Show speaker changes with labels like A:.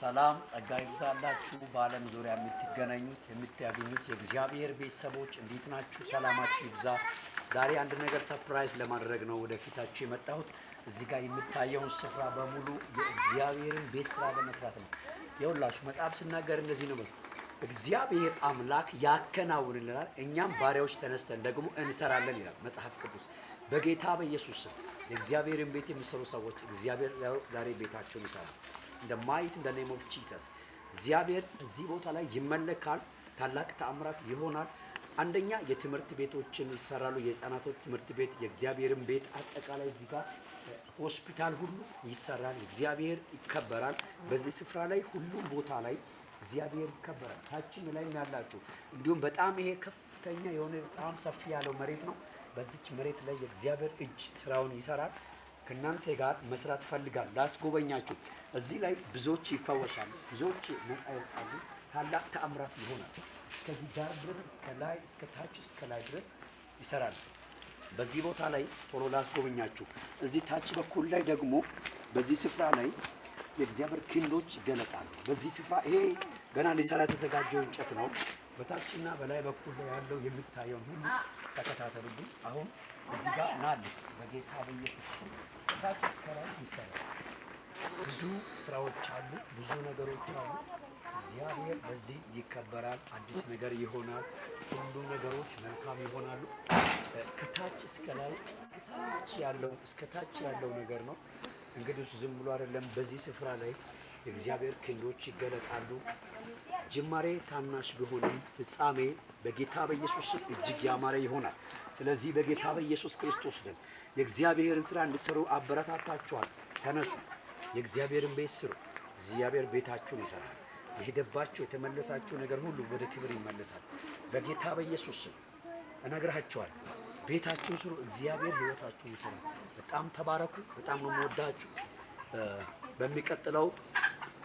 A: ሰላም ጸጋ ይብዛላችሁ። በዓለም ዙሪያ የምትገናኙት የምታገኙት የእግዚአብሔር ቤተሰቦች እንዴት ናችሁ? ሰላማችሁ ይብዛ። ዛሬ አንድ ነገር ሰርፕራይዝ ለማድረግ ነው ወደፊታችሁ የመጣሁት። እዚህ ጋር የምታየውን ስፍራ በሙሉ የእግዚአብሔርን ቤት ስራ ለመስራት ነው። የሁላችሁ መጽሐፍ ስናገር እንደዚህ ነው፣ እግዚአብሔር አምላክ ያከናውንልናል፣ እኛም ባሪያዎች ተነስተን ደግሞ እንሰራለን ይላል መጽሐፍ ቅዱስ በጌታ በኢየሱስ ስም የእግዚአብሔርን ቤት የሚሰሩ ሰዎች እግዚአብሔር ዛሬ ቤታቸውን ይሰራል። እንደ ማየት እንደ ኔም ኦፍ ጂሰስ እግዚአብሔር እዚህ ቦታ ላይ ይመለካል። ታላቅ ተአምራት ይሆናል። አንደኛ የትምህርት ቤቶችን ይሰራሉ። የህፃናቶች ትምህርት ቤት፣ የእግዚአብሔርን ቤት አጠቃላይ እዚህ ጋር ሆስፒታል ሁሉ ይሰራል። እግዚአብሔር ይከበራል። በዚህ ስፍራ ላይ ሁሉም ቦታ ላይ እግዚአብሔር ይከበራል። ታችም ላይ ያላችሁ እንዲሁም በጣም ይሄ ከፍተኛ የሆነ በጣም ሰፊ ያለው መሬት ነው። በዚች መሬት ላይ የእግዚአብሔር እጅ ስራውን ይሰራል። ከእናንተ ጋር መስራት ፈልጋል። ላስጎበኛችሁ። እዚህ ላይ ብዙዎች ይፈወሳሉ፣ ብዙዎች ነጻ ይወጣሉ። ታላቅ ተአምራት ይሆናል። ከዚህ ዳር ድረስ እስከ ላይ እስከ ታች እስከ ላይ ድረስ ይሰራል። በዚህ ቦታ ላይ ቶሎ ላስጎበኛችሁ። እዚህ ታች በኩል ላይ ደግሞ በዚህ ስፍራ ላይ የእግዚአብሔር ክንዶች ይገለጣሉ። በዚህ ስፍራ ይሄ ገና ሊሰራ የተዘጋጀው እንጨት ነው። በታችና በላይ በኩል ያለው የሚታየውን ሁሉ ተከታተሉብኝ። አሁን እዚህ ጋር ናል በጌታ በኢየሱስ ከታች እስከ ላይ ይሰራል። ብዙ ስራዎች አሉ፣ ብዙ ነገሮች አሉ። እግዚአብሔር በዚህ ይከበራል። አዲስ ነገር ይሆናል። ሁሉ ነገሮች መልካም ይሆናሉ። ከታች እስከ ላይ ያለው እስከ ታች ያለው ነገር ነው። እንግዲህ ዝም ብሎ አይደለም በዚህ ስፍራ ላይ የእግዚአብሔር ክንዶች ይገለጣሉ። ጅማሬ ታናሽ ቢሆንም ፍጻሜ በጌታ በኢየሱስ እጅግ ያማረ ይሆናል። ስለዚህ በጌታ በኢየሱስ ክርስቶስ ደም የእግዚአብሔርን ስራ እንድሰሩ አበረታታችኋል። ተነሱ፣ የእግዚአብሔርን ቤት ስሩ። እግዚአብሔር ቤታችሁን ይሰራል። የሄደባችሁ የተመለሳችሁ ነገር ሁሉ ወደ ክብር ይመለሳል። በጌታ በኢየሱስ እነግራችኋል። ቤታችሁን ስሩ፣ እግዚአብሔር ህይወታችሁን ይሰራል። በጣም ተባረኩ። በጣም ነው የምወዳችሁ። በሚቀጥለው